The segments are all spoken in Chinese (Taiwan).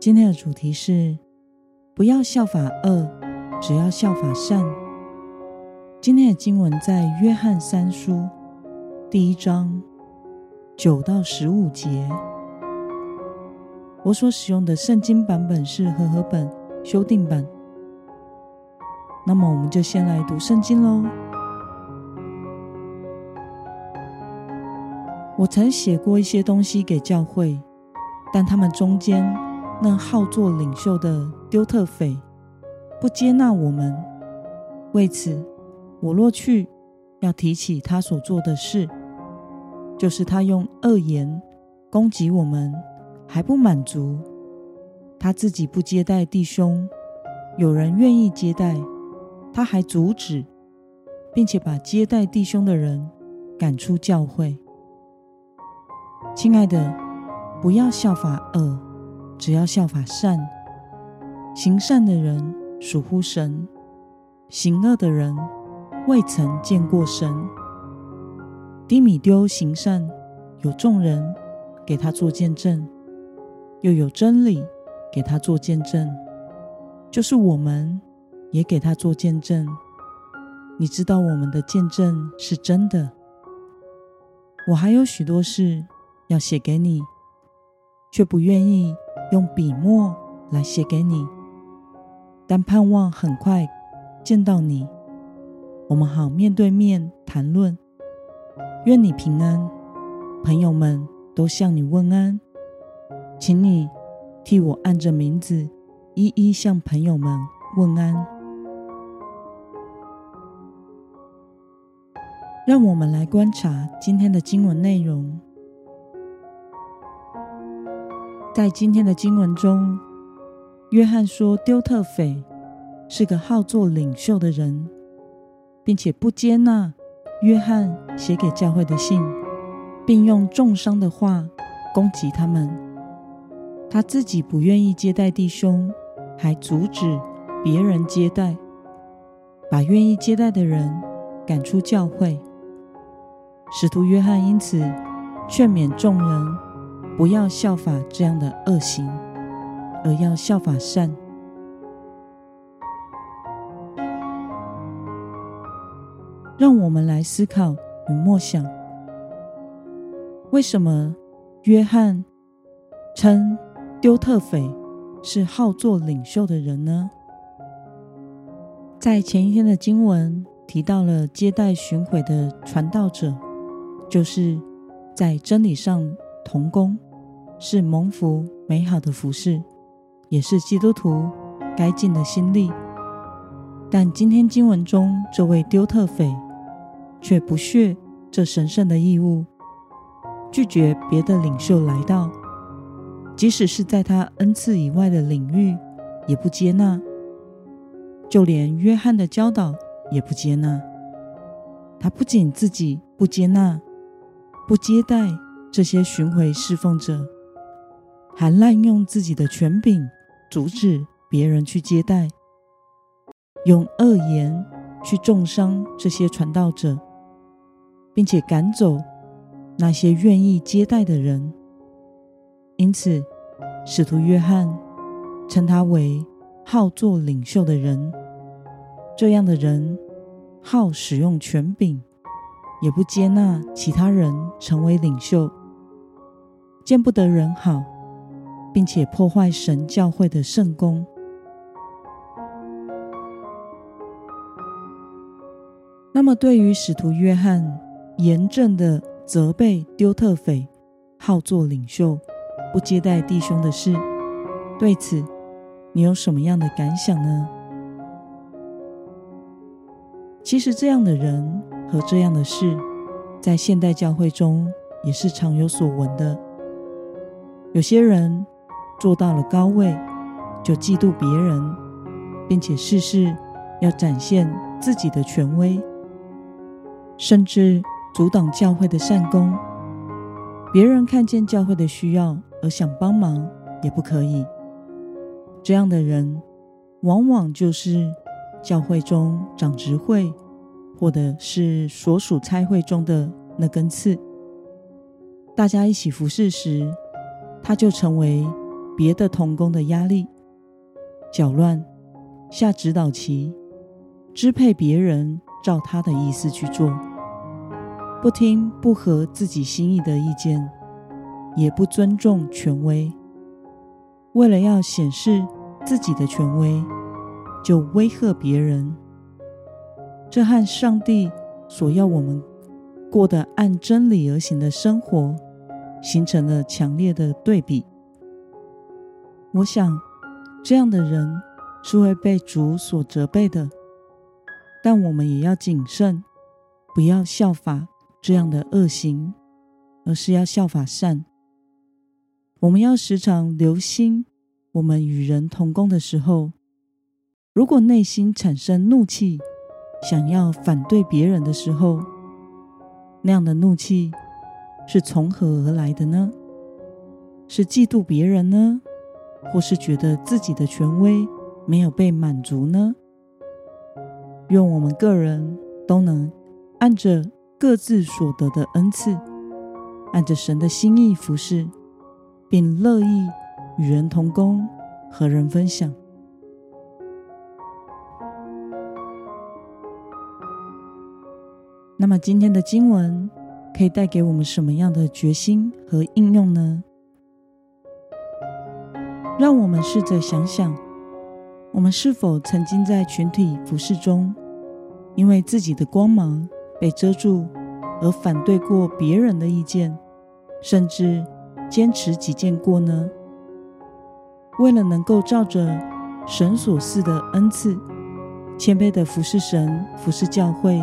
今天的主題是：不要效法惡，只要效法善。今天的經文在《約翰三書》第一章九到十五節。我所使用的聖經版本是和合本修訂版。那麼，我們就先來讀聖經嘍。我曾寫過一些東西給教會，但他們中間。那好作領袖的丟特腓不接納我們，為此我若去，要提起他所做的事，就是他用惡言攻擊我們，還不滿足，他自己不接待弟兄，有人願意接待，他還阻止，並且把接待弟兄的人趕出教會。親愛的，不要效法惡。只要效法善，行善的人屬乎神；行惡的人未曾見過神。低米丟行善，有眾人給他做見證，又有真理給他做見證，就是我們也給他做見證。你知道我們的見證是真的。我還有許多事要寫給你，卻不願意。用筆墨來寫給你，但盼望很快見到你，我們好面對面談論。願你平安，朋友們都向你問安，請你替我按着名字一一向朋友們問安。讓我們來觀察今天的經文內容。在今天的經文中，約翰說丟特腓是個好作領袖的人，並且不接納約翰寫給教會的信，並用中傷的話攻擊他們。他自己不願意接待弟兄，還阻止別人接待，把願意接待的人趕出教會。使徒約翰因此勸勉眾人。不要效法這樣的惡行，而要效法善。讓我們來思考與默想：為什麼約翰稱丟特腓是好作領袖的人呢？在前一天的經文提到了接待巡迴的傳道者，就是在真理上同工。是蒙福美好的服事，也是基督徒該盡的心力。但今天經文中這位丟特腓卻不屑這神聖的義務，拒絕別的領袖來到，即使是在他恩賜以外的領域，也不接納；就連約翰的教導也不接納。他不僅自己不接納、不接待這些巡回侍奉者。還濫用自己的權柄，阻止別人去接待，用惡言去中傷這些傳道者，並且趕走那些願意接待的人。因此，使徒約翰稱他為“好作領袖的人”。這樣的人好使用權柄，也不接納其他人成為領袖，見不得人好。並且破壞神教會的聖工。那麼，對於使徒約翰嚴正的責備、丟特腓、好作領袖、不接待弟兄的事，對此你有什麼樣的感想呢？其實，這樣的人和這樣的事，在現代教會中也是常有所聞的。有些人。坐到了高位，就嫉妒別人，並且事事要展現自己的權威，甚至阻擋教會的善工。別人看見教會的需要而想幫忙也不可以。這樣的人，往往就是教會中長執會，或者是所屬差會中的那根刺。大家一起服侍時，他就成為。別的同工的壓力，攪亂，下指導棋，支配別人照他的意思去做，不聽不合自己心意的意見，也不尊重權威。為了要顯示自己的權威，就威嚇別人。這和上帝所要我們過的按真理而行的生活，形成了強烈的對比。我想，這樣的人是會被主所責備的。但我們也要謹慎，不要效法這樣的惡行，而是要效法善。我們要時常留心，我們與人同工的時候，如果內心產生怒氣，想要反對別人的時候，那樣的怒氣是從何而來的呢？是嫉妒別人呢？或是覺得自己的權威沒有被滿足呢？願我們個人都能按着各自所得的恩賜，按着神的心意服侍，並樂意與人同工、和人分享。那麼，今天的經文可以帶給我們什麼樣的決心和應用呢？讓我們試着想想，我們是否曾經在群體服侍中，因為自己的光芒被遮住，而反對過別人的意見，甚至堅持己見過呢？為了能夠照着神所賜的恩賜，謙卑的服侍神、服侍教會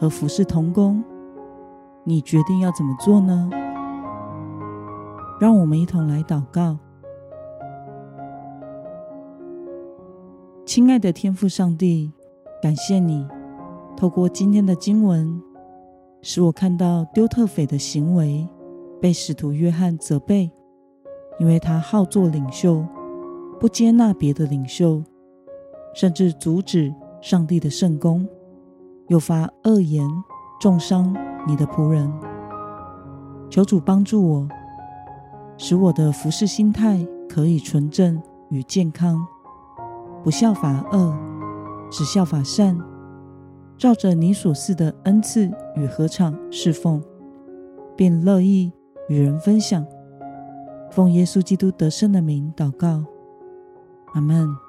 和服侍同工，你決定要怎麼做呢？讓我們一同來禱告。親愛的天父上帝，感謝你透過今天的經文，使我看到丟特腓的行為被使徒約翰責備，因為他好做領袖，不接納別的領袖，甚至阻止上帝的聖工，又發惡言，中傷你的僕人。求主幫助我，使我的服侍心態可以純正與健康。不效法惡，只效法善，照着你所賜的恩賜與禾場侍奉，便樂意與人分享。奉耶穌基督得勝的名禱告，阿門。